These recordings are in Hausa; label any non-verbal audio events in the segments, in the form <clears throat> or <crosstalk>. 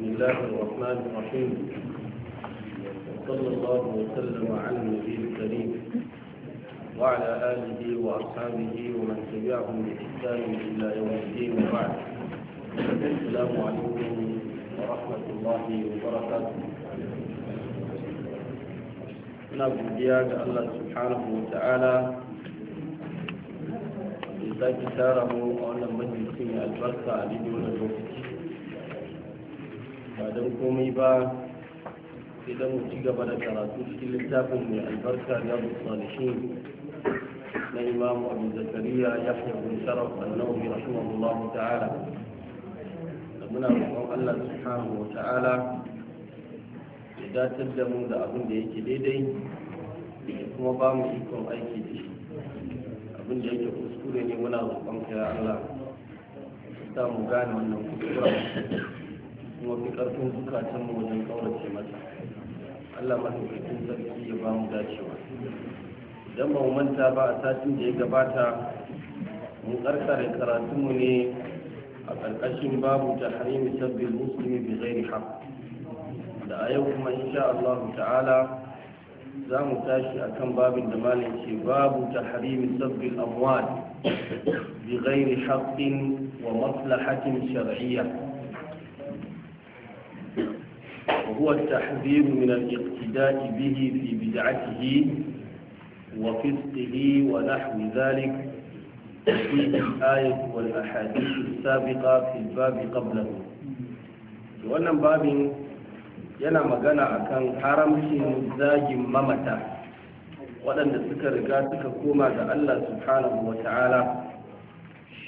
بسم الله الرحمن الرحيم وصلى الله وسلم على النبي الكريم وعلى آله وأصحابه ومن تبعهم بإحسان إلى يوم الدين وبعد السلام عليكم ورحمة الله وبركاته ina godiya ga Allah subhanahu wa ta'ala da sake tara mu a wannan majalisin albarka ba don komai ba idan mu ci gaba da karatu cikin littafin mai albarka na musalishin na imamu abu zakariya ya fi abin sharaf annabi Allah, ta'ala da muna roƙon allah subhanahu wa ta'ala ya datar da mu da abin da yake daidai da kuma ba mu ikon aiki da shi abin da yake kuskure ne muna roƙon ka ya allah ta mu gane wannan kuskure kuma ƙarfin zukatan mu wajen ƙaurace mata Allah madaukakin sarki ya ba mu dacewa idan ba mu manta ba a satin da ya gabata mun karkare mu ne a ƙarƙashin babu ta harimi sabbin musulmi bi ghairi haq da a yau kuma insha Allah ta'ala za mu tashi akan babin da malam ce babu ta harimi sabbin amwal bi ghairi haqqin wa maslahatin shar'iyya هو التحذير من الاقتداء به في بدعته وفسقه ونحو ذلك في الآية والأحاديث السابقة في الباب قبله wannan babin yana magana akan haramcin zagin mamata waɗanda suka riga suka koma ga Allah subhanahu wa ta'ala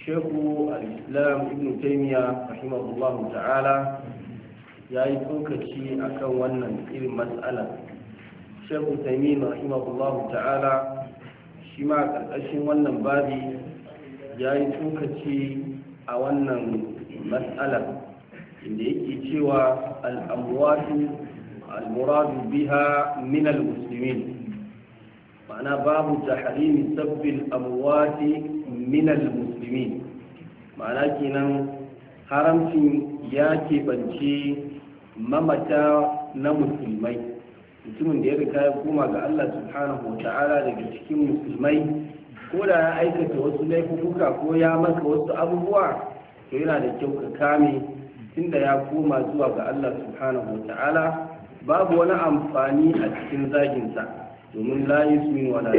shehu al-islam ibn rahimahullahu ta'ala ya yi tsokaci a kan wannan irin matsala shekul taimi rahimahullahu ta'ala shi ma ƙarƙashin wannan babi ya yi tsokaci a wannan matsala inda yake cewa al'amuwatu al-muradu biha min al-muslimin ma'ana babu tahrimi sabbin amwati min al-muslimin ma'ana kenan haramcin ya keɓance mamata na musulmai mutumin da ya riga ya koma ga Allah subhanahu wa ta'ala daga cikin musulmai ko da ya aikata wasu laifuka ko ya maka wasu abubuwa to yana da kyau ka kame tunda ya koma zuwa ga Allah subhanahu wa ta'ala babu wani amfani a cikin zaginsa domin layis min wa la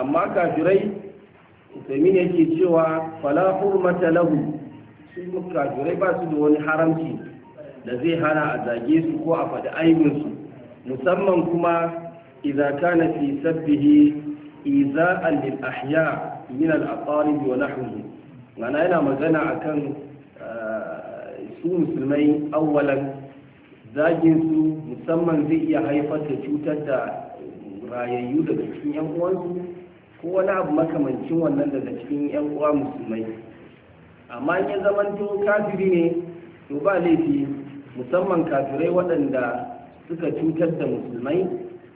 amma kafirai musulmin yake cewa fala hurmata lahu su kafirai ba su da wani haramci da zai hana a zage su ko a faɗi aibinsu musamman kuma idza kana fi sabbihi iza alil ahya min al aqarib wa nahwihi mana yana magana akan eh, su musulmai awwalan zagin su musamman zai iya haifar da cutar da rayayyu daga cikin yan uwansu ko wani abu makamancin wannan daga cikin yan uwa musulmai amma in ya to kafiri ne to ba laifi musamman kafirai waɗanda suka cutar da musulmai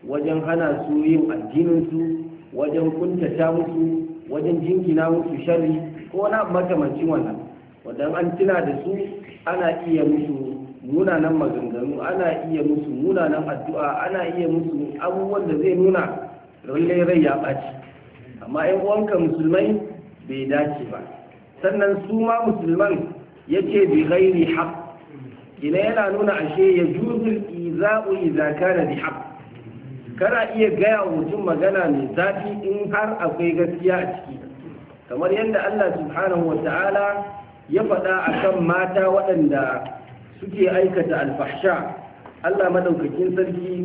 wajen hana su yin addininsu wajen kuntata musu wajen jingina musu shari, ko wani abu makamancin wannan wadan an tuna da su ana iya musu munanan maganganu ana iya musu munanan addu'a ana iya musu abubuwan da zai nuna lalle rai ya ɓaci amma yan uwanka musulmai bai dace ba sannan su ma musulman yake bi ghairi haqq ina yana nuna ashe ya juzul iza'u iza kana bi haqq kana iya gaya wa mutum magana mai zafi in har akwai gaskiya a ciki kamar yadda Allah subhanahu wa ta'ala ya faɗa akan mata waɗanda suke aikata alfahsha Allah maɗaukakin sarki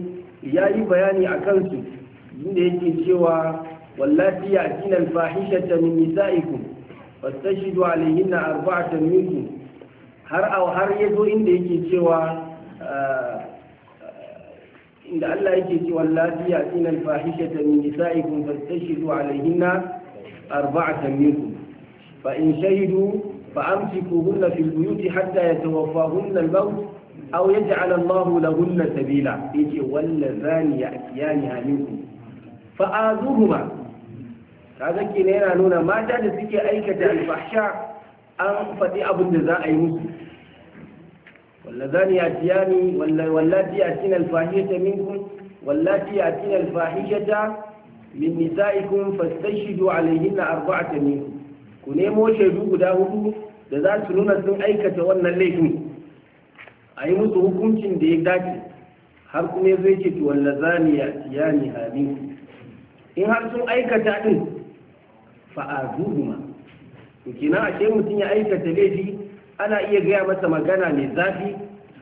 ya yi bayani a kansu inda yake cewa wallafi ya ajina alfahishata min nisa'ikum fastashidu alaihinna arba'atan minkum har har ya zo inda yake cewa eh, inda Allah yake cewa lati ya tsina alfahishata min nisa'ikum fastashidu alaihinna arba'atan minkum fa in shahidu fa amsikuhunna fil buyuti hatta yatawaffahunna al-maut aw yaj'al Allah lahunna sabila yace wallazani ya'tiyaniha minkum fa'azuhuma kaga kenan yana nuna mata da suke aikata alfahsha an faɗi abin da za a yi musu واللذان يأتيان واللاتي يأتين الفاحشة منكم واللاتي يأتين الفاحشة من نسائكم فاستشهدوا عليهن أربعة منكم كنيمو شهدوا قداهدوا لذان سنونة سن أيكة وانا الليكم أي مصهكم شنديك داكي har kuma ya zai ce to wallazani ya tiyani hamin in har sun aikata din fa'azuhuma to kina ashe mutum ya aikata laifi ana iya gaya masa magana mai zafi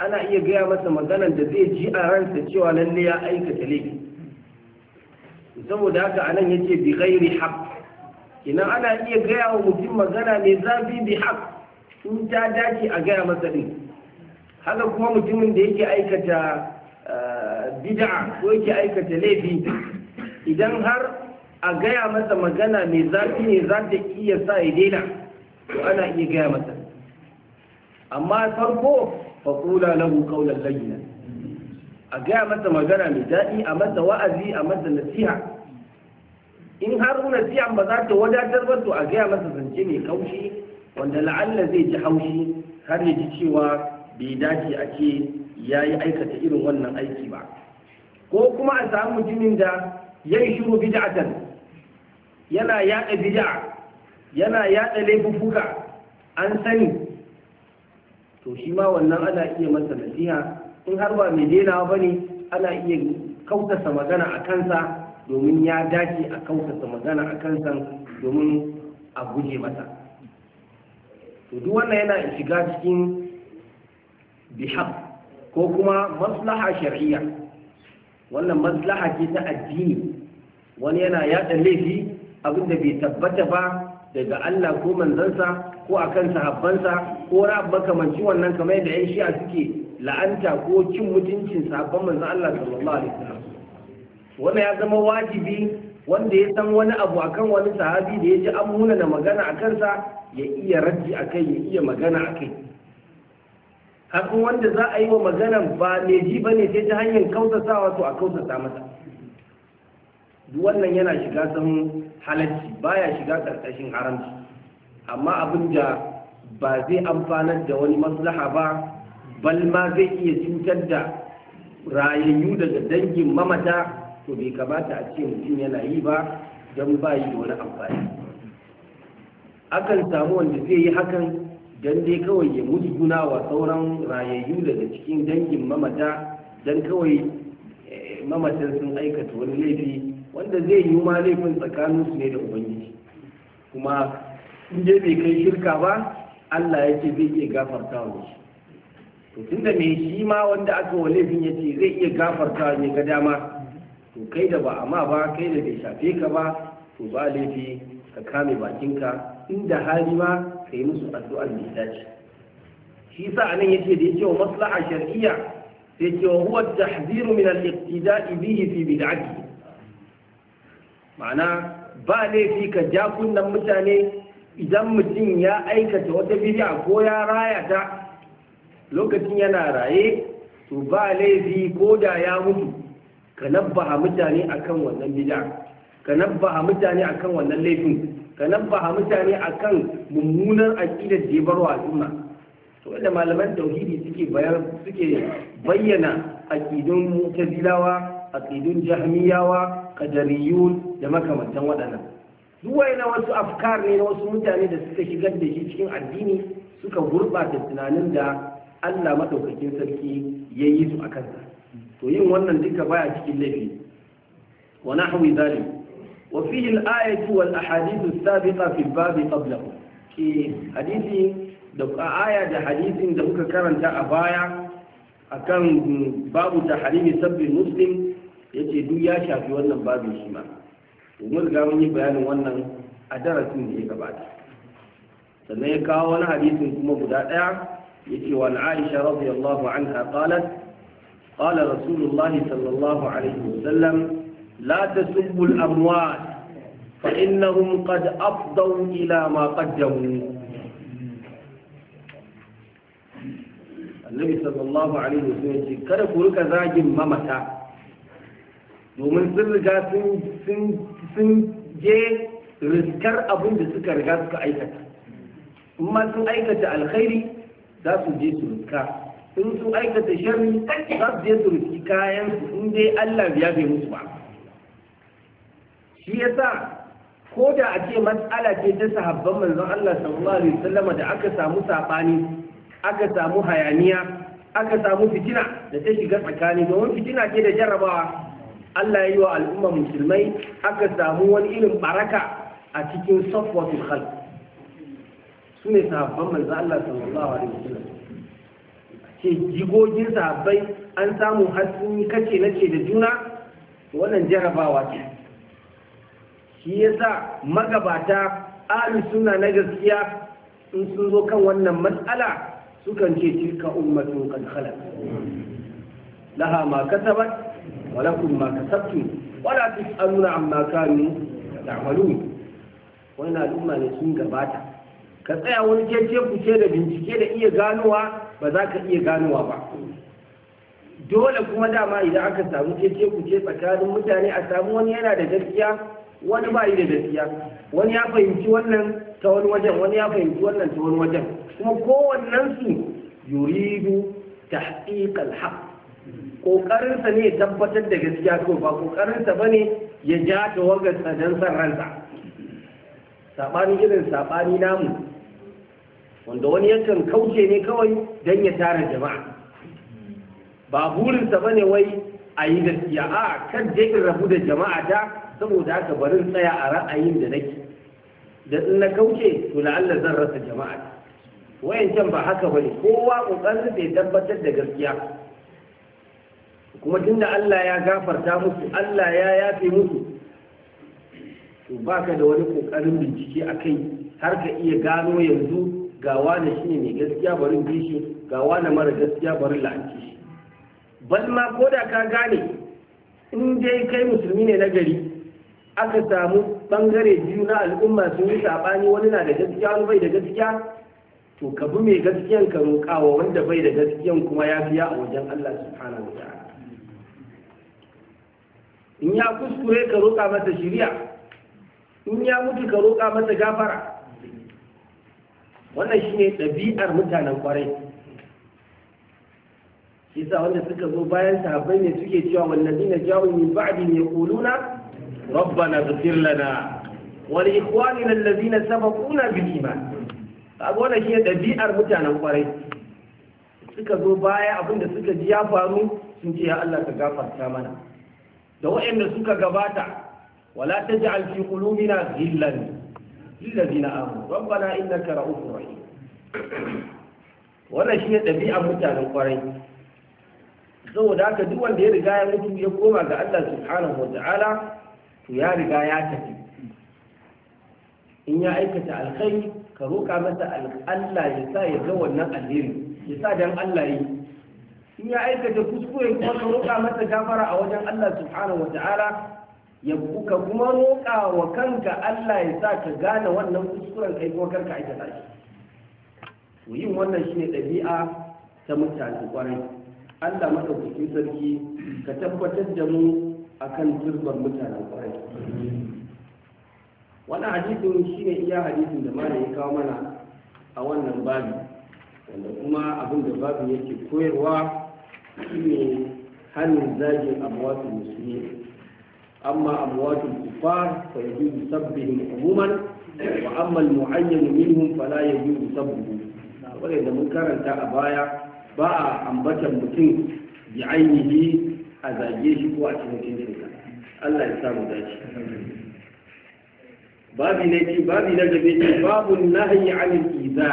ana iya gaya masa magana da zai ji a ransa cewa lalle ya aikata laifi saboda haka anan yace bi ghairi haqq kina ana iya gaya wa mutum magana mai zafi bi haqq in ta dace a gaya masa din haka kuma mutumin da yake aikata eh, bid'a ko yake aikata laifi idan har a gaya masa magana mai zafi ne zata iya sa ya daina to ana iya gaya masa amma farko faƙula lahu layi na a gaya masa magana mai daɗi a masa wa'azi a masa nasiha in har nasiha ba za ta wadatar ba to a gaya masa zance mai kaushi wanda la'alla zai ji haushi har ya ji cewa bai dace a ce ya yi aikata irin wannan aiki ba ko kuma a samu mutumin da ya yi shuru bid'atan yana yaɗa bid'a yana yaɗa laifuka an sani to shi ma wannan ana iya masa nasiha in har ba mai daina ba ne ana iya kautasa magana a kansa domin ya dace a kautasa magana a kansa domin a guje masa to duk wannan yana shiga cikin bihaq ko kuma maslaha shar'iyya wannan maslaha ce ta addini wani yana yada laifi abinda bai tabbata ba daga Allah ko manzansa ko akan sahabbansa ko na makamanci wannan kamar da yan shi'a suke la'anta ko cin mutuncin sabon manzon Allah sallallahu alaihi wasallam wannan ya zama wajibi wanda ya san wani abu akan wani sahabi da ya ji an da magana a kansa ya iya raji a kai ya iya magana a kai hakan wanda za a yi wa maganan ba ne ji ba ne sai ta hanyar kautatawa to a kautata masa duk wannan yana shiga san halacci baya shiga karkashin haramci amma abin da ba zai amfanar da wani maslaha ba bal ma zai iya cutar da rayayyu daga dangin mamata to bai kamata a ce mutum yana yi ba don ba yi da wani amfani akan samu wanda zai yi hakan don dai kawai ya juna wa sauran rayayyu daga cikin dangin mamata don kawai eh, mamatan sun aikata wani laifi wanda zai yi ma laifin tsakaninsu ne da ubangiji kuma in je bai kai shirka ba Allah ya ce zai iya gafarta wa shi to tunda me shi ma wanda aka wa laifin ya ce zai iya gafarta ne ga dama to kai da ba amma ba kai da bai shafe ka ba to ba laifi ka kame bakinka inda hali ma ka yi musu addu'ar da dace shi sa anan ce da ce wa maslaha shar'iyya sai ce wa huwa tahziru min al-iqtida'i bihi fi bid'ati ma'ana ba laifi ka ja kunnan mutane idan mutum ya aikata wata bid'a ko ya raya ta lokacin yana raye to ba laifi ko da ya mutu ka nabbaha mutane akan wannan bid'a ka nabbaha mutane akan wannan laifin ka nabbaha mutane akan mummunar aqidar da ya bar wa al'umma to wanda malaman tauhidi suke bayar suke bayyana aƙidun mu'tazilawa aƙidun jahmiyawa qadariyun da makamantan waɗannan duwai na wasu afkar ne na wasu mutane da suka shigar da shi cikin addini suka gurɓata tunanin da allah maɗaukakin sarki ya yi su a kansa to yin wannan duka baya cikin laifi wa nahwi zalim wa fihi al-ayatu wal ahadithu as-sabiqa fi al-bab qablahu ki hadisi da aya da hadisin da muka karanta a baya akan babu tahrimi sabbi muslim yace duk ya shafi wannan babin shi ma domin riga mun yi bayanin wannan a darasin da ya gabata sannan ya kawo wani hadisin kuma guda daya ya ce wa aisha radiyallahu anha qalat qala rasulullahi sallallahu alaihi wasallam la tasubbu al-amwat fa innahum qad afdaw ila ma qaddamu annabi sallallahu alaihi wasallam ce kada ku rika zagin mamata domin sun riga sun sun je riskar abin da suka riga suka aikata in ma sun aikata alkhairi za su je su riska in sun aikata sharri za su je su riski kayan su in dai Allah ya bai musu ba shi yasa ko da a ce matsala ce ta sahabban manzon Allah sallallahu alaihi wasallam da aka samu sabani aka samu hayaniya aka samu fitina da ta shiga tsakani domin fitina ke da jarabawa. Allah ya yi wa al'umma musulmai aka samu wani irin baraka a cikin safwatul khalq su ne sahabban manzo Allah sallallahu alaihi wasallam ce jigogin sahabbai an samu hasumi kace nace da juna wannan jarabawa ce shi yasa magabata ali suna na gaskiya in sun zo kan wannan matsala sukan ce cika ummatun qad khalat laha ma kasabat ولكم ما كسبتم ولا تسألون عما كانوا تعملون وإن الأمة نسون جباتا كتايا ونجيجي كتير بنتكي لإيه غانوا بذاك إيه غانوا با dole kuma dama idan aka samu cece kuce tsakanin mutane a samu wani yana da gaskiya wani ba yi da gaskiya wani ya fahimci wannan ta wani wajen wani ya fahimci wannan ta wani wajen kuma kowannensu yuridu tahqiqal haqq ƙoƙarinsa ne ya tabbatar da gaskiya ko ba ƙoƙarinsa ba ne ya ja ta wagarsa don san ransa saɓani irin saɓani namu wanda wani yankan kauce ne kawai don ya tara jama'a ba burinsa ba ne wai a yi gaskiya a kan je rabu da jama'a ta saboda aka barin tsaya a ra'ayin da nake da in kauce to la'alla zan rasa jama'a wayancan ba haka bane kowa ƙoƙarin da ya tabbatar da gaskiya kuma tunda Allah ya gafarta musu Allah ya yafe musu to baka da wani kokarin bincike a kai har ka iya gano yanzu ga wani ne mai gaskiya bari bi gawa ga mara gaskiya bari la'anci shi bal ma ko da ka gane in dai kai musulmi ne na gari aka samu bangare biyu na al'umma sun yi sabani wani na da gaskiya wani bai da gaskiya to ka bi mai gaskiyan ka roƙawa wanda bai da gaskiyan kuma ya fiya a wajen Allah subhanahu wa ta'ala in ya kuskure ka roƙa masa shiriya in ya mutu ka roƙa masa gafara wannan shine ɗabi'ar mutanen kwarai shi sa wanda suka zo bayan sahabbai ne suke cewa wallazina ja'u ne ba'di Rabba rabbana ighfir lana wa li ikhwanina allazina sabaquna bil iman kaga wannan shine ɗabi'ar mutanen kwarai suka zo baya abinda suka ji ya faru sun ce ya Allah ka gafarta mana da waɗanda suka gabata wala taj'al fi qulubina ghillan lil ladina amanu rabbana innaka ra'ufur rahim wannan shine ɗabi'ar mutanen kwarai saboda haka duk wanda ya riga ya mutu ya koma ga Allah subhanahu wata'ala to ya riga ya tafi in ya aikata alkhairi ka roƙa masa Allah ya sa ya ga wannan alheri ya sa dan Allah yi in ya aikata kuskure kuma ka roƙa masa gafara a wajen Allah subhanahu wata'ala ya buka kuma roƙa wa kanka Allah ya sa ka gane wannan kuskuren kai kuma karka ta shi to yin wannan shine ɗabi'a ta mutane kwarai Allah madaukakin sarki ka tabbatar da mu akan turban mutane kwarai wannan hadisin shine iya hadisin da malam ya kawo mana a wannan babi wanda kuma abin da babu yake koyarwa shine hannun zagin amwatul musulmi amma amwatul kufar fa yajuzu sabbihin umuman wa amma al-mu'ayyan minhum fala yajuzu sabbuhu wanda da mun karanta a baya ba a ambatan mutum bi ainihi a zage shi ko a cikin cikin Allah ya samu dace babi ne ki babi na gabe ki babu nahyi anil iza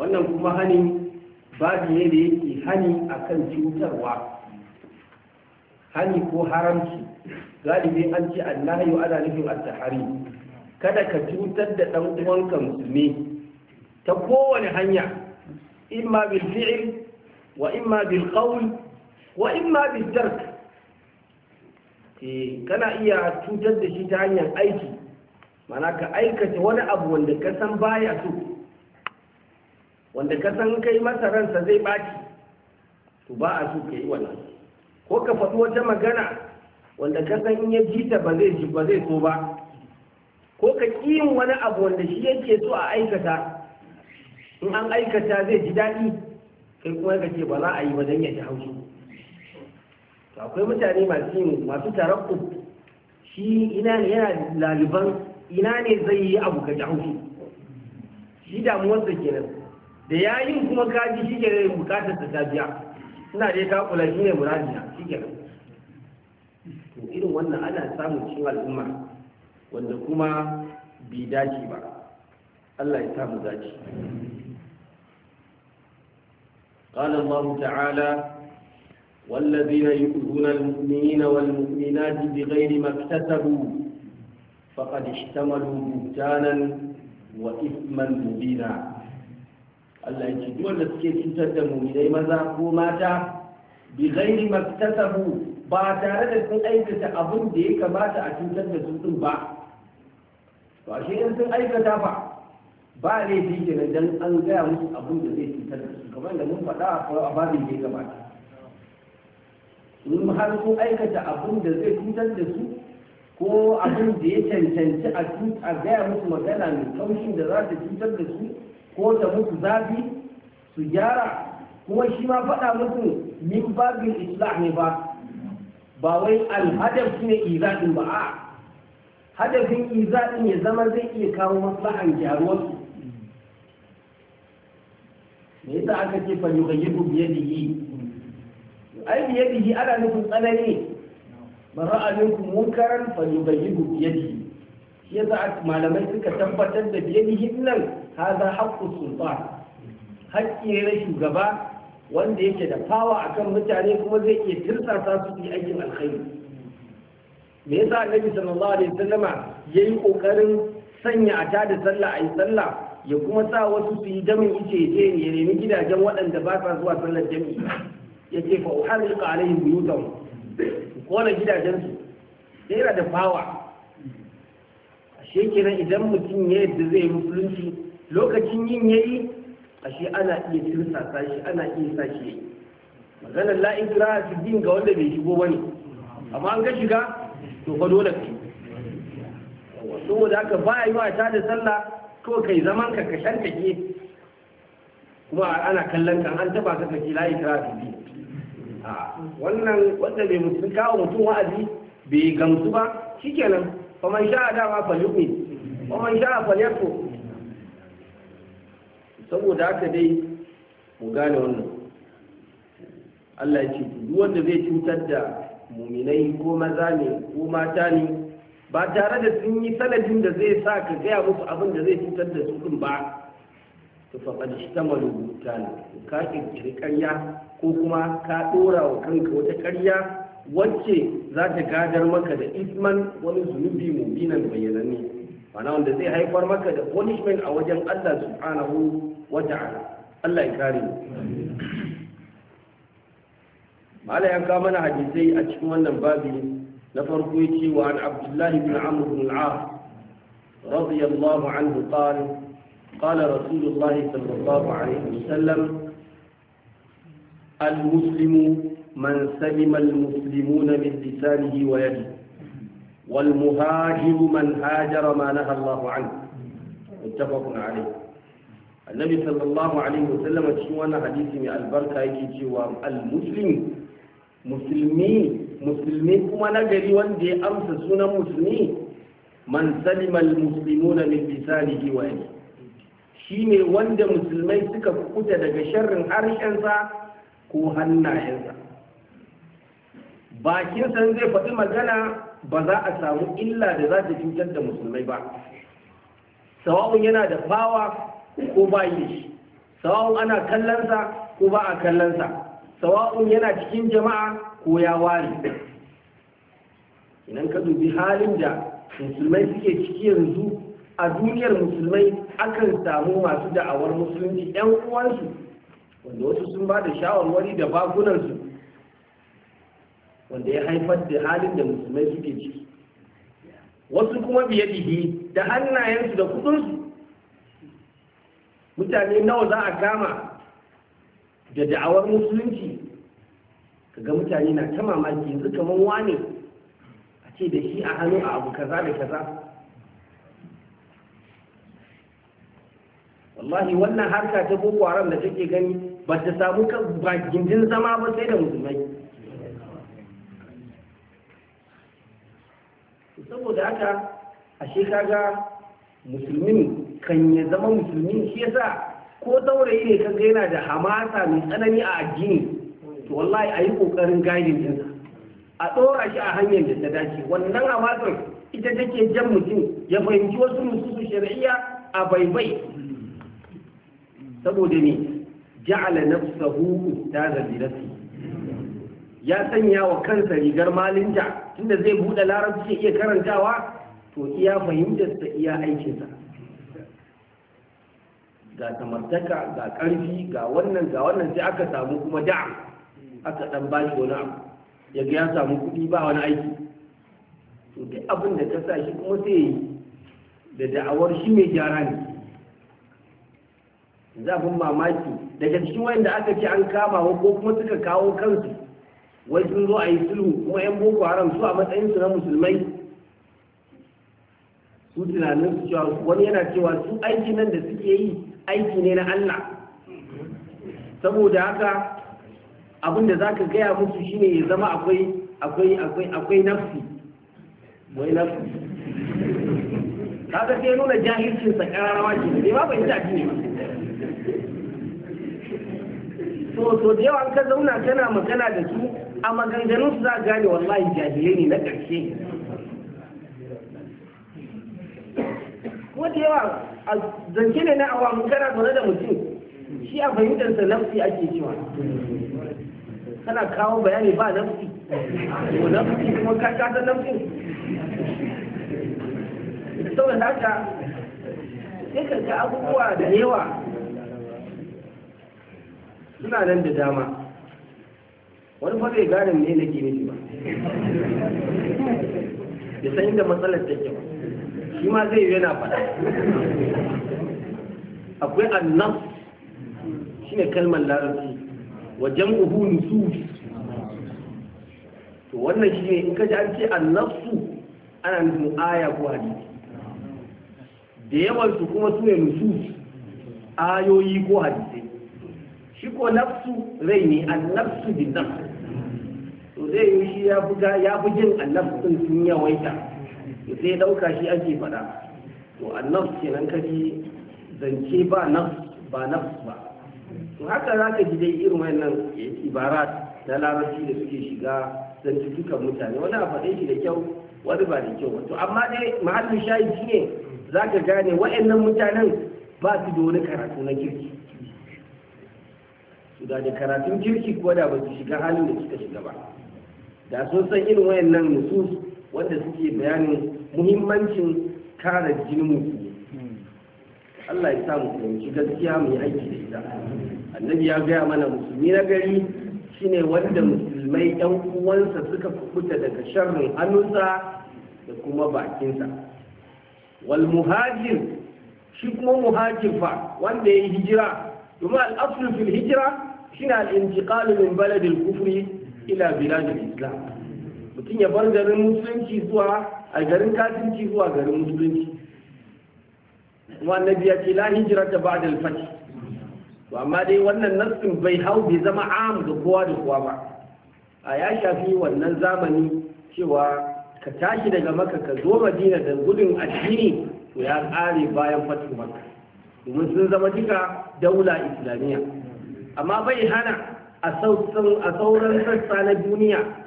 wannan kuma hanin babu ne da yake hani akan cutarwa hani ko haramci galibi an ce annahi wa ana nufin at-tahari kada ka cutar da dan uwanka musulmi ta kowane hanya imma bil fi'l wa imma bil qawl wa imma bil tark eh kana iya cutar da shi ta hanyar aiki mana ka aikata wani abu wanda ka san baya so wanda ka san kai masa ransa zai baki to ba a so ka yi wannan ko ka faɗi wata magana wanda ka san in ya ji ta ba zai ji ba zai so ba ko ka yin wani abu wanda shi yake so a aikata in an aikata zai ji daɗi kai kuma ka ce ba za a yi ba don ya ji haushi akwai mutane masu yin masu tarakku shi ina ne yana laliban ina ne zai yi abu ka ji haushi shi damuwarsa kenan da yayin kuma kaji shi ke bukatar ta tabiya ina dai ka kula shi ne muradina shi ke irin wannan ana samun cin al'umma wanda kuma bai dace ba Allah ya samu dace قال الله تعالى والذين يؤذون المؤمنين والمؤمنات بغير ما اكتسبوا فقد اشتملوا بهتانا وإثما مبينا Allah ya ce duk wanda suke cutar da mu dai maza ko mata bi ghairi maktasabu ba tare da sun aikata abin da ya kamata a cutar da su din ba ba shi in sun aikata ba ba ke nan dan an gaya musu abin da zai cutar da su kamar da mun faɗa a babin da ya kamata. in har sun aikata abin da zai cutar da su ko abin da ya cancanci a gaya musu magana mai kaushin da za ta cutar da su ko ta muku zafi su gyara kuma shi ma faɗa muku min babin islah ne ba ba wai alhadafi ne izaɗin ba a hadafin izaɗin ya zama zai iya kawo maslahan su me yasa aka ce fa yughayyibu bi yadihi ai bi yadihi ana nufin tsanani man ra'a minkum munkaran fa yughayyibu bi yadihi shi yasa malamai suka tabbatar da bi yadihi nan hada haƙƙin sultan haƙƙi ne na shugaba wanda yake da fawa akan mutane kuma zai iya tirsasa su yi aikin alkhairi me yasa annabi sallallahu alaihi wasallama yayi kokarin sanya a tada sallah ayi sallah ya kuma sa wasu su yi jami'i ice je ne ya nemi gidajen waɗanda ba sa zuwa sallar jami'i yace fa uharriqa alaihim ko na gidajen su yana da fawa ashe kenan idan mutum ya yadda zai musulunci lokacin yin yayi ashe ana iya ta shi ana iya sa shi yayi maganar la ikra fi din ga wanda bai shigo wani amma an ga shiga to fa dole wasu saboda haka ba yi wa ta da sallah ko kai zaman ka ka shanta ke kuma ana kallon kan an taba ka kake la ikra fi din wannan wanda bai mutum kawo mutum wa'azi bai gamsu ba shikenan faman sha'a dama falyumin faman sha'a falyakfur saboda haka dai mu gane wannan Allah ya ce duk wanda zai cutar da muminai ko maza ne ko mata ne ba tare da sun yi sanadin da zai sa ka gaya musu abin da zai cutar da su din ba to fa shi ta malubuta ka ƙirƙiri ƙarya ko kuma ka dora wa kanka wata ƙarya wacce za ta gadar maka da isman wani zunubi mubinan ne, ma'ana wanda zai haifar maka da punishment a wajen Allah subhanahu wata'ala Allah ya kare mu mala ya kawo mana hadisai a cikin wannan babi na farko yace wa an abdullahi bin amr bin al-as radiyallahu anhu qala qala rasulullah sallallahu alaihi wasallam al-muslimu من سلم المسلمون من لسانه ويده والمهاجر من هاجر ما نهى الله عنه متفق عليه annabi sallallahu alaihi wasallama cikin wannan hadisi mai albarka yake cewa al-muslim musulmi musulmi kuma nagari wanda ya amsa sunan musulmi man salima al-muslimuna min lisanihi wa yadihi shine wanda musulmai suka kuta daga sharrin harshensa ko hannayensa bakin san zai faɗi magana ba za a samu illa da za ta cutar da musulmai ba sawa'un yana da fawa ko ba yi shi sawa'un ana kallonsa ko ba a kallonsa sawa'un yana cikin jama'a ko ya ware idan ka dubi halin da musulmai suke ciki yanzu a duniyar musulmai akan samu masu da'awar musulunci 'yan uwansu wanda wasu sun ba da shawarwari da bakunansu wanda ya haifar da halin da musulmai suke ciki wasu kuma biye da hannayensu da kudinsu mutane nawa za a kama da da'awar musulunci ga mutane na ta mamaki yanzu kamar wane a ce da shi a hannu a abu kaza da kaza wallahi wannan harka ta boko haram da take gani ba ta samu ba gindin zama ba sai da musulmai saboda haka ashe shekara musulmin kan ya zama musulmi shi yasa ko saurayi ne ga yana da hamasa mai tsanani a addini to wallahi a yi ƙoƙarin gaidin ɗinsa a ɗora shi a hanyar da ta dace wannan hamasar ita take jan mutum ya fahimci wasu su shari'a a baibai saboda ne ja'ala nafsahu ustaza bi nafsi ya sanya wa kansa rigar malinta tunda zai buɗe larabci iya karantawa to iya sa iya aikinsa ga samartaka ga ƙarfi ga wannan ga wannan sai aka samu kuma da'a aka ɗan ba shi wani abu ya ga ya samu kuɗi ba wani aiki to duk abin da ka sa shi kuma sai yi da da'awar shi mai gyara ne Za zafin mamaki daga cikin wayanda aka ce an kama wa ko kuma suka kawo kansu wai sun zo a yi sulhu kuma yan boko haram su a matsayin su na musulmai su tunanin cewa wani yana cewa su aiki nan da suke yi aiki ne na Allah saboda haka abinda za ka gaya musu shine ya zama akwai akwai akwai akwai nafsi mai nafsi kaga sai nuna jahilcinsa kararrawa ce ne ba bai ta ji ba so so da an ka zauna kana magana da su a maganganun su za gane wallahi jahilai ne na ƙarshe ko da yawa a zance ne na awa kana zaune da mutum shi a sa nafsi ake cewa kana kawo bayani ba nafsi ko nafsi kuma ka kasa nafsin da haka sai ka ga abubuwa da yawa suna nan da dama wani ba zai gane ne nake nufi ba da san inda matsalar take ba shi ma zai yana faɗa akwai annab shi ne kalmar larabci wajen uhu nusu to wannan shi ne in ka ji an ce su ana nufin aya ko hadisi da yawansu kuma su ne nusu ayoyi ko hadisi shi ko nafsu rai ne annabsu bin nafsu to zai yi shi ya fi jin annabsu sun yawaita da sai ɗauka shi ake faɗa to annaf kenan kaji zance ba naf ba naf ba to haka za ka ji dai irin wannan ibara da larabci da suke shiga zantukan mutane wani a faɗe shi da kyau wani ba da kyau to amma dai mahallin shayi shi ne za ka gane wa'annan mutanen ba su da wani karatu na kirki su da karatun kirki ko da ba su shiga halin da suka shiga ba da sun san irin wayannan nusus wanda suke bayanin muhimmancin kare jini musulmi Allah ya sa mu fahimci gaskiya mu yi aiki da ita annabi ya gaya mana musulmi na gari shine wanda musulmai yan uwansa suka kubuta daga sharrin hannunsa da kuma bakinsa wal muhajir shi kuma muhajir fa wanda ya yi hijira Kuma al'asul fil hijira shine al-intiqal min baladil kufri ila biladil islam mutum ya bar garin musulunci zuwa a garin kafirci zuwa garin musulunci kuma annabi ya ce la hijira ta ba'da al-fath to amma dai wannan nassin bai hau bai zama am da kowa da kowa ba a ya shafi wannan zamani cewa ka tashi daga maka ka zo madina da gudun addini to ya tsare bayan fatu maka domin sun zama duka daula islamiyya amma bai hana a sauran sassa na duniya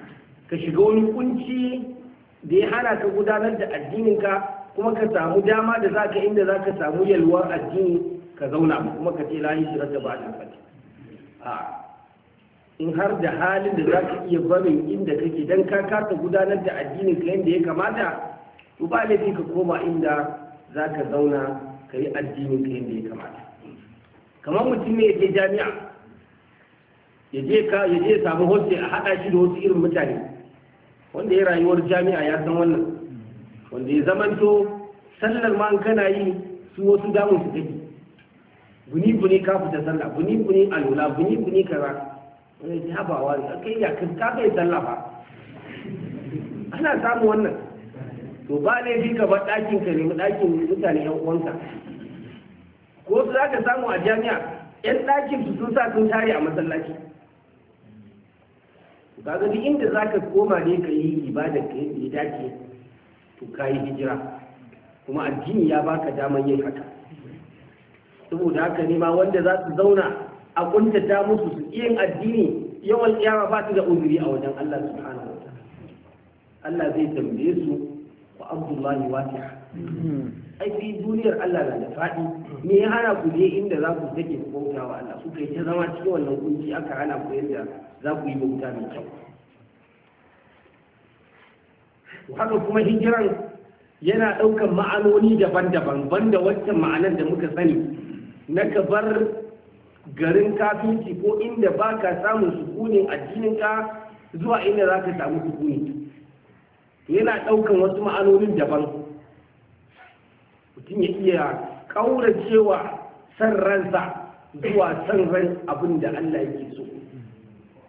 ka shiga wani kunci da ya hana ka gudanar da addininka kuma ka samu dama da za ka inda za ka samu yalwar addini ka zauna kuma ka ce lahi shirar da ba a fati in har da halin da za ka iya barin inda kake don ka kasa gudanar da addinin ka yadda ya kamata to ba laifi ka koma inda za ka zauna ka yi addinin ka yadda ya kamata kamar mutum ne ya je jami'a ya je ka ya je samu hostel a haɗa shi da wasu irin mutane wanda ya rayuwar jami'a ya san wannan wanda ya zamanto sallar ma kana yi su wasu damun su take buni buni ka fita sallah buni buni alula buni buni kaza wani ya ba wani kai ya kan ka kai sallah ba <laughs> ana samu wannan to ba laifi ka ba ɗakin ka nemi ɗakin mutane yan uwanka ko su za ka samu a jami'a yan ɗakin su sun sa sun tare a masallaci ba ga duk inda za ka koma ne ka yi ibada ka yi ya dace to ka yi hijira kuma addini ya baka damar yin haka saboda haka ne ma wanda za su zauna a kuntata musu su yin addini yawan kiyama ba su da uzuri a wajen Allah subhanahu wa Allah zai tambaye su wa abdullahi wasi'a hmm. ai duniyar Allah na da faɗi me ya hana ku je inda za ku take ku bauta wa Allah suka yi ta zama cikin wannan kunci aka hana ku yadda za ku yi bauta mai kyau haka kuma hijiran yana ɗaukar ma'anoni daban-daban banda waccan ma'anar da muka sani na ka bar garin kafinci ko inda ba ka samun sukunin addininka zuwa inda za ka samu sukuni yana ɗaukar wasu ma'anonin daban mutum ya iya ƙauracewa san ransa zuwa san ran abin da Allah yake so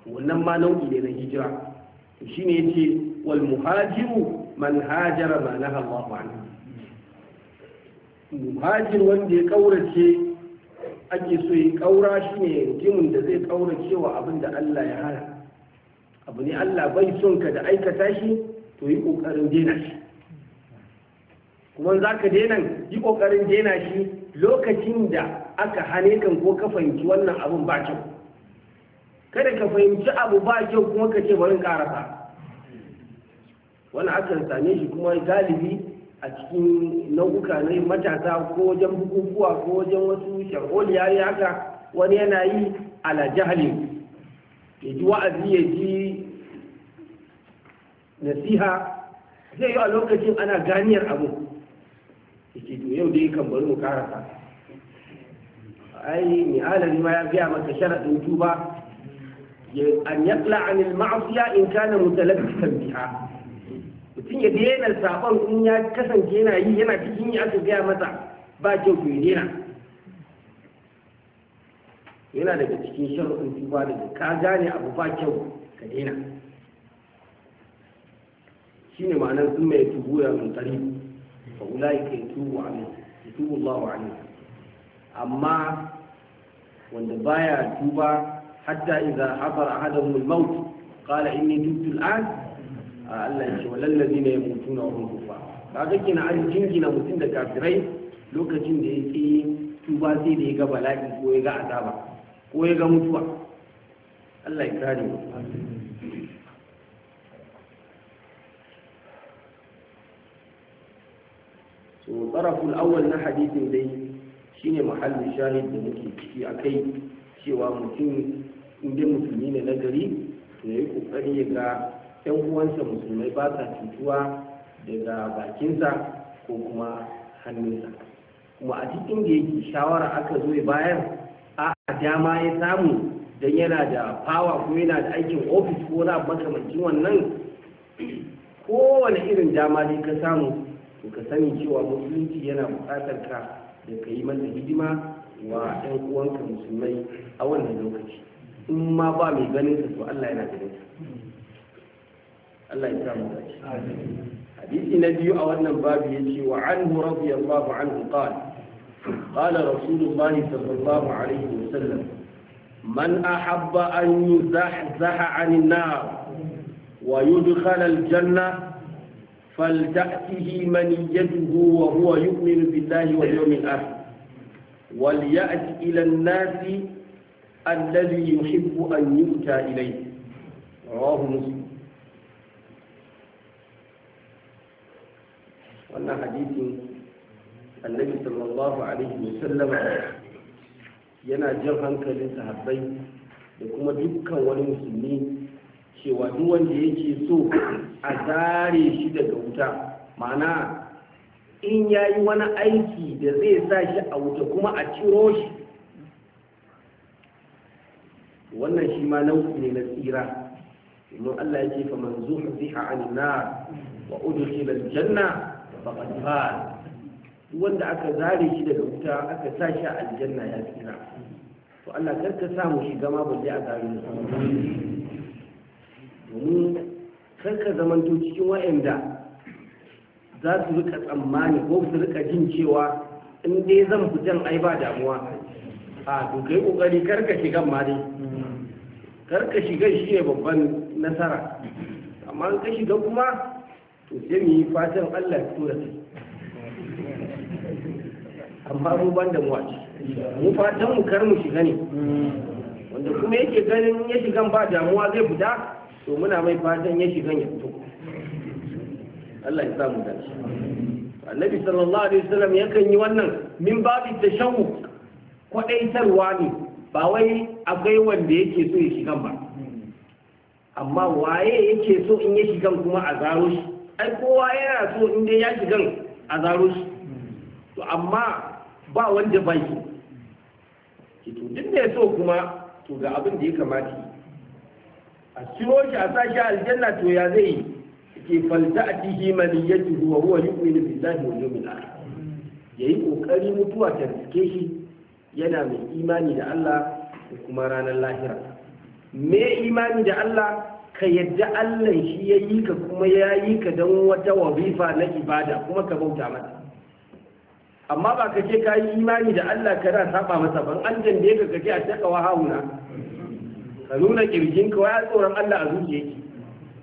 wannan ma nau'i ne na hijira shi ne ce, wal muhajiru man hajara ma na muhajir wanda ya ƙaurace ake so ya ƙaura shi ne mutumin da zai ƙaura wa abin da Allah ya hana abu ne Allah bai son ka da aikata shi to yi ƙoƙarin daina shi kuma za ka daina yi ƙoƙarin daina shi lokacin da aka hane kan ko ka fahimci wannan abin ba kyau kada ka fahimci abu ba kyau kuma ka ce barin karasa wani akan same shi kuma galibi a cikin nau'uka na matasa ko wajen bukukuwa ko wajen wasu ya yi haka wani yana yi ala jahalin ya ji wa'azi ya ji nasiha zai yi a lokacin ana ganiyar abu yace yau dai kan bari mu karasa ai mai alami ma ya biya maka sharadin tuba an yakla an ma'siya in kana mutalabbisan biha mutum ya daina saban in ya kasance yana yi yana cikin ya aka biya mata ba kyau ku daina yana daga cikin sharadin tuba da ka gane abu ba kyau ka daina shine ma'anar sun mai tubu ya mun tarihi fa ulaika yatubu alayhi yatubu Allahu alayhi amma wanda baya tuba hatta idza hadara ahaduhum al-maut qala inni tubtu al-an Allah ya ce walal ladina yamutuna wa hum kufar an jingina mutum da kafirai lokacin da yake tuba sai da ya ga bala'i ko ya ga azaba ko ya ga mutuwa Allah ya kare mu to tsaraful na hadithin dai shine mahallin shahid da muke ciki a kai cewa mutum inda musulmi ne na gari to ya yi kokari ya ga yan uwansa musulmai ba sa cutuwa daga bakinsa ko kuma hannunsa kuma a cikin da yake shawara aka zo ya bayar a dama ya samu don yana da fawa ko yana da aikin ofis ko na makamancin wannan <clears throat> kowane irin dama ne ka samu to ka sani cewa musulunci yana buƙatar ka da ka yi masa hidima wa ɗan uwanka musulmai a wannan lokaci in ma ba mai ganin sa to Allah yana ganin sa Allah ya samu dace hadisi na biyu a wannan babu yace wa anhu radiyallahu anhu qala qala rasulullahi sallallahu alaihi wasallam من أحب أن يزحزح عن النار ويدخل الجنة فلتأته منيته وهو يؤمن بالله واليوم الآخر وليأت إلى الناس الذي يحب أن يؤتى إليه رواه مسلم وأن حديث النبي صلى الله عليه وسلم ينا jan hankalin sahabbai da kuma ولمسلمين cewa duk wanda yake so a zare shi daga wuta ma'ana in ya yi wani aiki da zai sa shi a wuta kuma a ciro shi wannan shi ma nau'i ne na tsira domin Allah ya ce fa man zuhziha 'anil wa udkhila aljanna fa qad fal wanda aka zare shi daga wuta aka sa shi a aljanna ya tsira to Allah karka samu shiga ma balle a zare mu karka zamanto cikin wa'anda za su rika tsammani ko su rika jin cewa in dai zan fitan ai ba damuwa a to yi kokari karka shiga ma dai karka shiga shi ne babban nasara amma ka shiga kuma to sai mu yi fatan Allah ya tura su amma mu ban da muwa mu fatan mu kar mu shiga ne mm. wanda kuma yake ganin ya shiga ba damuwa zai fita to muna mai fatan ya shiga ya fito Allah ya samu da shi annabi sallallahu alaihi wasallam yakan yi wannan min babi tashawu kwadaitarwa ne ba wai akwai wanda yake so ya shiga ba amma waye yake so in ya shiga kuma a zaro shi ai kowa yana so in dai ya shiga a zaro shi to amma ba wanda ba shi to duk da ya so kuma to ga abin da ya kamata a ciro shi a sashi aljanna to ya zai ke falta a cikin maliyyatu huwa huwa yu'minu billahi wal yawmil ya yi kokari mutuwa ta riske shi yana mai imani da Allah da kuma ranar lahira me imani da Allah ka yadda Allah shi ya yi ka kuma ya yi ka don wata wazifa na ibada kuma ka bauta mata amma ba ka ce ka yi imani da Allah ka na saba masa ban an jande ka ka a a takawa hauna ka nuna kirgin ka tsoron Allah a zuciya yake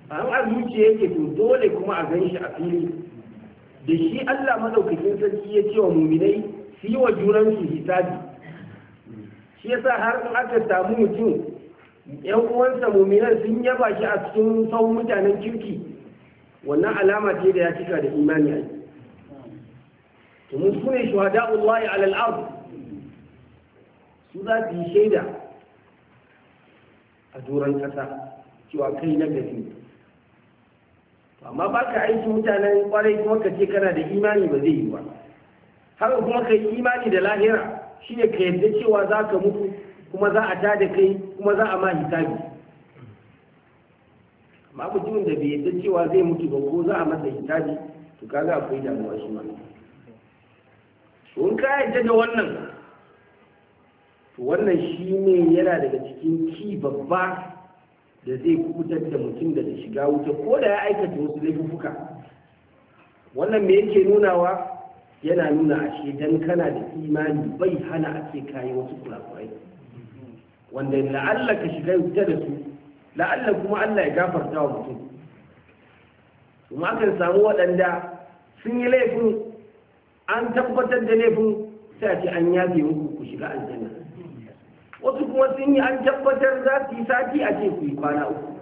a an a zuciya yake to dole kuma a gan shi a fili da shi Allah madaukakin sarki ya ce wa muminai su yi wa juran su hisabi shi yasa har in aka samu mutum yan uwansa muminan sun yaba shi a cikin sauran mutanen kirki wannan alama ce da ya cika da imani a yi domin ne ne shuhada'ullahi alal su za su yi shaida a duran ƙasa cewa kai na gari amma ba ka aiki mutanen kwarai kuma ka ce kana da imani ba zai yi ba haka kuma ka yi imani da lahira shine ka yarda cewa za ka mutu kuma za a da kai kuma za a ma hisabi amma mutumin da bai yarda cewa zai mutu ba ko za a masa hisabi to kaga akwai damuwa shi ma to in ka da wannan wannan shi ne yana daga cikin ki babba da zai kutar da mutum daga shiga wuta ko da ya aikata wasu laifuka wannan me yake nunawa yana nuna ashe dan kana da imani bai hana a ce kayi wasu kurakurai wanda la'alla ka shiga wuta da su la'alla kuma Allah ya gafarta wa mutum kuma akan samu waɗanda sun yi laifin an tabbatar da laifin sai ce an yage muku ku shiga aljanna wasu kuma sun yi an tabbatar za su yi sati a ce ku yi kwana uku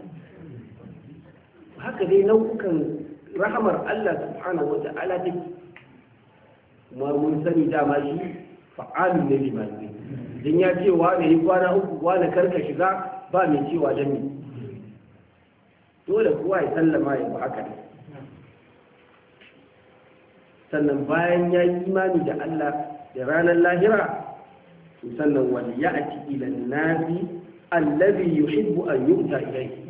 haka dai nau'ukan rahamar Allah subhanahu wa ta'ala take kuma mun sani dama shi fa'alu ne lima ne Idan ya ce wa ne kwana uku wa na karka shiga ba mai cewa dan ne dole kowa ya sallama ya haka ne sannan bayan ya yi imani da Allah da ranar lahira to sannan wal ya'ti ila an-nasi allazi yuhibbu an yu'ta ilayhi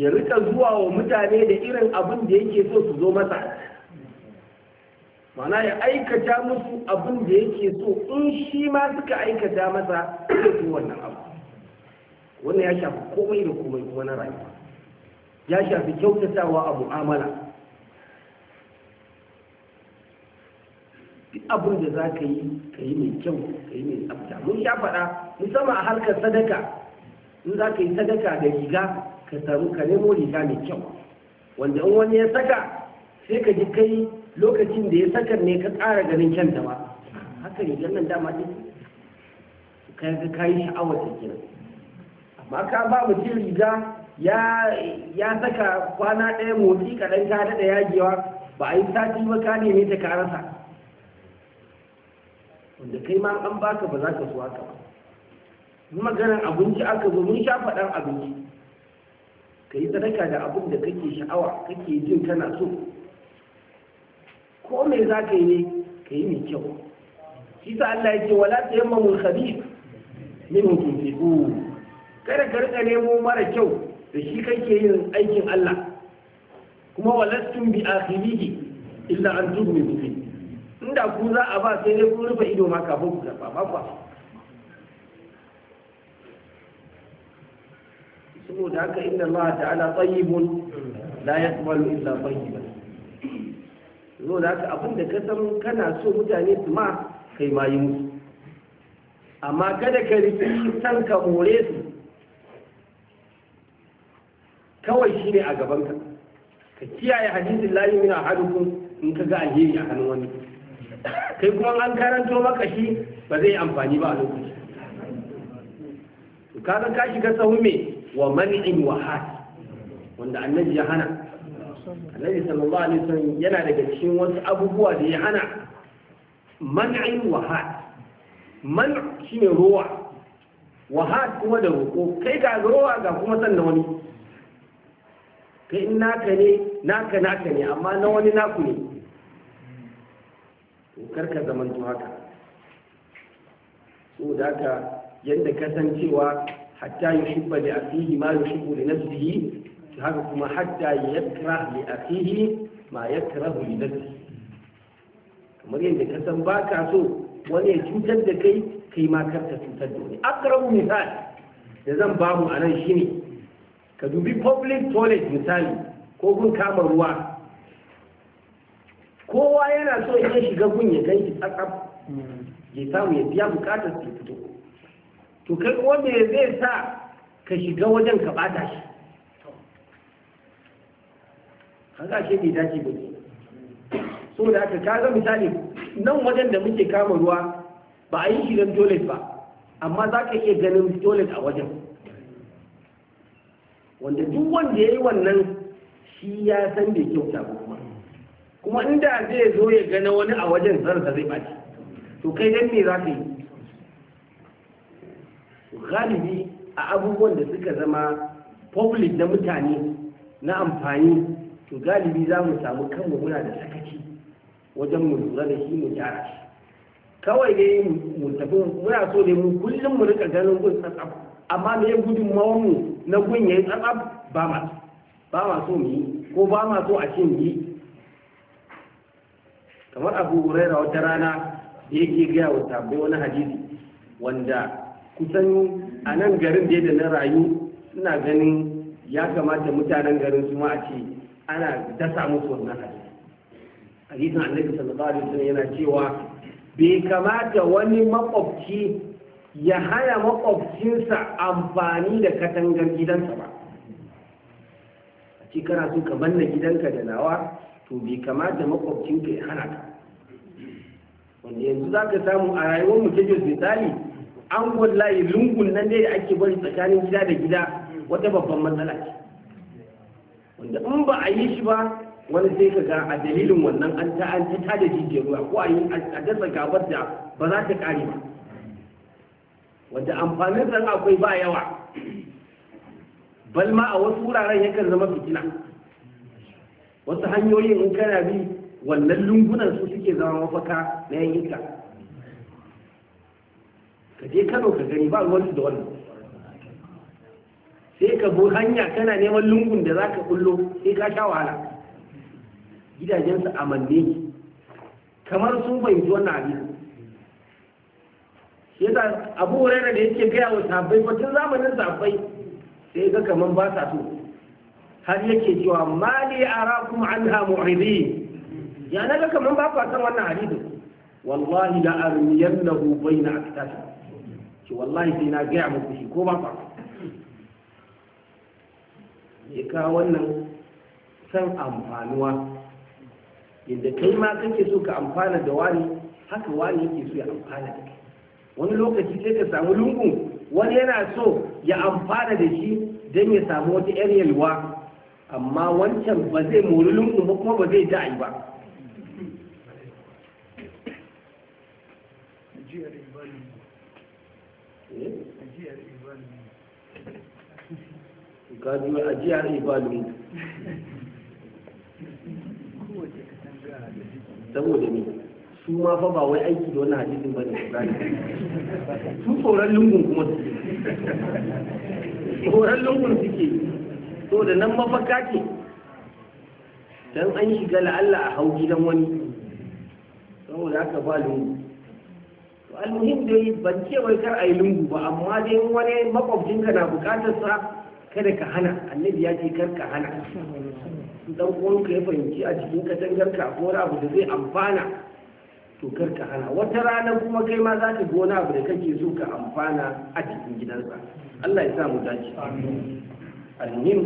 ya rika zuwa wa mutane da irin abin da yake so su zo masa mana ya aikata musu abin da yake so in shi ma suka aikata masa su wannan abu wannan ya shafi komai da komai kuma na rayuwa ya shafi kyautatawa a mu'amala abin da za ka yi ka yi mai kyau ka yi mai tsafta mun ya faɗa musamman a harkar sadaka in za ka yi sadaka da riga ka samu ka nemo riga mai kyau wanda in wani ya saka sai ka ji kai lokacin da ya saka ne ka tsara ganin kyanta ba haka rigar nan dama ɗin ka yi ka yi sha'awar da kenan amma ka ba mutum riga ya saka kwana ɗaya motsi kaɗan ka daɗa yagewa ba a yi sati ba ka neme ta ka rasa da kai ma an baka ba za ka zuwa ka. ba maganar abinci aka zo mun sha faɗan abinci ka yi sadaka da abin da kake sha'awa kake jin kana so ko me za ka yi ne ka yi mai kyau shi sa Allah yake wala ta yamma mun khabib min tunfiqu kada ka rika nemo mara kyau da shi kake yin aikin Allah kuma walastum bi akhirihi illa an tu'minu bihi inda ku za a ba sai dai kun rufe ido ma kafin ku da ba kwa saboda haka inna Allah ta'ala tayyibun la yaqbalu illa tayyiban zo da haka abin da ka san kana so mutane su ma kai ma yi musu amma kada ka rufe san ka more su kawai shi ne a gabanka ka kiyaye hadisin layi min ahadukum in ka ga alheri a hannun wani kai kuma an karanto maka shi ba zai amfani ba a lokaci kaga ka shiga sahu me wa man'in wa had wanda annabi ya hana annabi sallallahu alaihi wasallam yana daga cikin wasu abubuwa da ya hana man'in wa had man shine ruwa wa had kuma da roƙo kai ga ruwa ga kuma da wani kai in naka ne naka naka ne amma na wani naku ne karka zamanto haka so da haka yadda kasancewa hatta yi shubba da afihi ma yi shubbu da nafsihi haka kuma hatta yakra li afihi ma yakrahu li nafsihi kamar yadda ka san ba so wani ya cutar da kai kai ma karka cutar da wani akrabu misal da zan bamu a nan shine ka dubi public toilet misali ko gun kama ruwa kowa yana so ya shiga gun ya ganki tsatsaf ya samu ya biya bukatar su fito to kai wanda zai sa ka shiga wajen ka bata shi kaga shi bai dace ba ne so da aka kaga misali nan wajen da muke kama ruwa ba a yi shi don toilet ba amma za ka iya ganin toilet a wajen wanda duk wanda ya yi wannan shi ya san bai kyauta ba kuma kuma inda zai zo ya gana wani a wajen zarsa zai ɓaci to kai dan me za ka yi galibi a abubuwan da suka zama public na mutane na amfani to galibi za mu samu kanmu muna da sakaci wajen mu lura da shi mu gyara shi kawai dai mu tafi muna so ne mu kullum mu rika ganin gun tsatsaf amma me gudun mu na gun yayi tsatsaf ba ma ba ma so mu yi ko ba ma so a ce mu yi kamar abu huraira wata rana da yake gaya wa tabbai wani hadisi wanda kusan a nan garin da da na rayu suna ganin ya kamata mutanen garin su ma a ce ana dasa musu wannan hadisi hadisin annabi sallallahu alaihi wasallam yana cewa bai kamata wani makwabci ya haya makwabcinsa amfani da katangar gidansa ba a ce kana so ka manna gidanka da nawa to bai kamata makwabcinka ya hana ka wanda yanzu za ka samu a rayuwar mu ta misali an wallahi lungun nan dai da ake bari tsakanin gida da gida wata babban matsala ce wanda in ba a yi shi ba wani sai ka ga a dalilin wannan an ta an ta da jijiyar ruwa ko a yi a dasa gabar da ba za ta kare ba wanda amfanin zan akwai ba yawa balma a wasu wuraren yakan zama fitina wasu hanyoyin in kana bi wannan lungunan su suke zama mafaka na yayinka. ka je kano ka gani ba wani da wannan sai ka bu hanya kana neman lungun da za ka kullo sai ka sha wahala Gidajensa a manne kamar sun fahimci wannan abin yadda abu hurairah da yake gaya wa sabbai batun zamanin sabbai sai ga kaman ba sa so har yake cewa mali arakum anha mu'ridin ya naga kaman ba ku san wannan hadisi wallahi la armiyannahu baina aktafi ki wallahi sai na gaya muku shi ko ba ku ya ka wannan san amfanuwa Inda kai ma kake so ka amfana da wani haka wani yake so ya amfana da kai wani lokaci sai ka samu lungu wani yana so ya amfana da shi don ya samu wata yar yalwa amma wancan ba zai mori lungu ba kuma ba zai ji ba gajiyar eh? ajiyar ibalin saboda ne su ma fa ba wai aiki da wani hadisin ba ne gane su tsoron lungun kuma su tsoron lungun suke so da nan mafaka ce don an shiga la'alla a hau gidan wani da aka ba lungu to almuhim dai ban ce wai kar a yi lungu ba amma dai wani makwabcinka na bukatar sa kada ka hana annabi ya ce kar ka hana dan ka ya fahimci a cikin katangar ka ko wani abu da zai amfana to kar ka hana wata rana kuma kai ma za ka gona abu da kake so ka amfana a cikin gidansa Allah ya sa mu dace amin alhim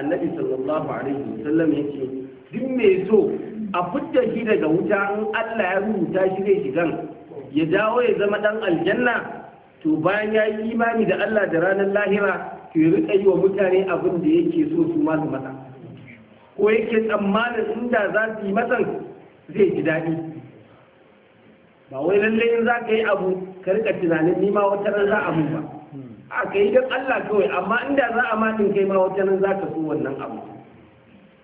annabi sallallahu alaihi wasallam ya ce duk mai so a fitta shi daga wuta in allah ya rubuta shi zai gidan ya dawo ya zama dan aljanna to bayan ya yi imani da allah da ranar lahira to ya rika yi wa mutane abin da yake so su masu masa ko yake tsammanin inda za su yi masan zai ji daɗi ba wai lallai in za ka yi abu ka rika tunanin nima wata ran za a mu ba a kai don Allah kawai amma inda za a matin kai ma wata nan za ka so wannan abu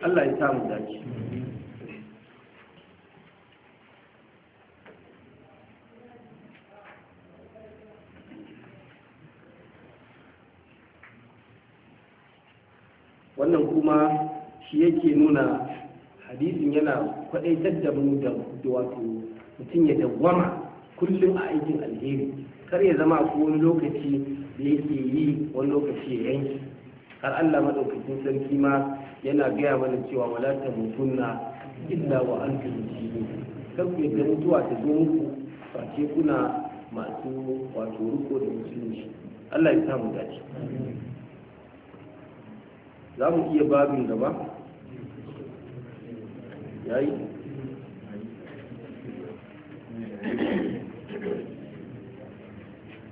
Allah ya samu dace wannan kuma shi yake nuna hadisin yana kwaɗaitar da mu da wato mutum ya dawwama kullum a aikin alheri kar ya zama ko wani lokaci da yake yi wani lokaci ya yanki har Allah madaukakin sarki ma yana gaya mana cewa wala ta mutunna illa wa antum muslimun kar ku yadda mutuwa ta zo muku face kuna masu wato riko da musulunci Allah ya samu dace za mu iya babin gaba yayi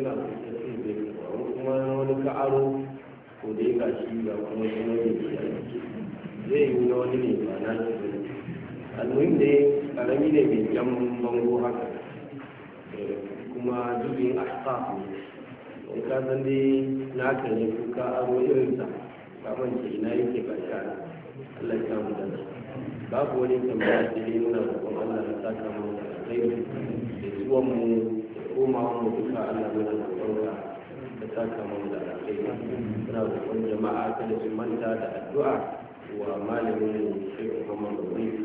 yana da ita sai zai karɓa kuma wani ka'aro ko da ya kashi ga kuma shi ne ya zai yi na wani ne ba na shi zai almuhim da ya karami ne mai jan bango haka eh, kuma jirgin asfa ne ka san dai na ka ne ko ka'aro irinsa kamar mance ina yake ba shi Allah ya samu da babu wani tambaya da ya nuna da kuma Allah ya saka mu da kai da zuwan mu komawa mu duka Allah mana da ɗauka da saka mu da alaƙai da roƙon jama'a kada su manta da addu'a wa malamin Sheikh Muhammad Bawai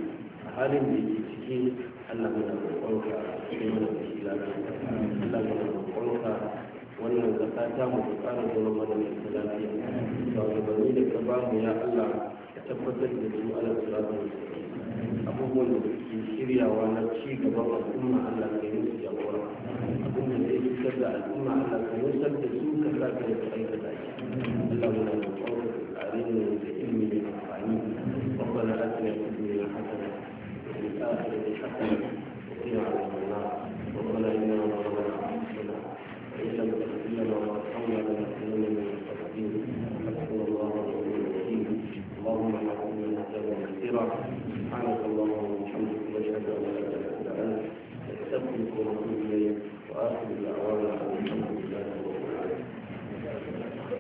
a halin da yake ciki Allah mana da ɗauka sai mana da shi lafiya Allah mana da ɗauka wannan zakata mu ƙara zama mana da lafiya shugabanni da ka bamu ya Allah tabbatar da su ala salatu abubuwan da ke shiryawa na ci gaban al'umma Allah ka yi musu jagora abin da zai fitar da al'umma Allah ka yi da su ka sa ka yi aikata shi Allah mu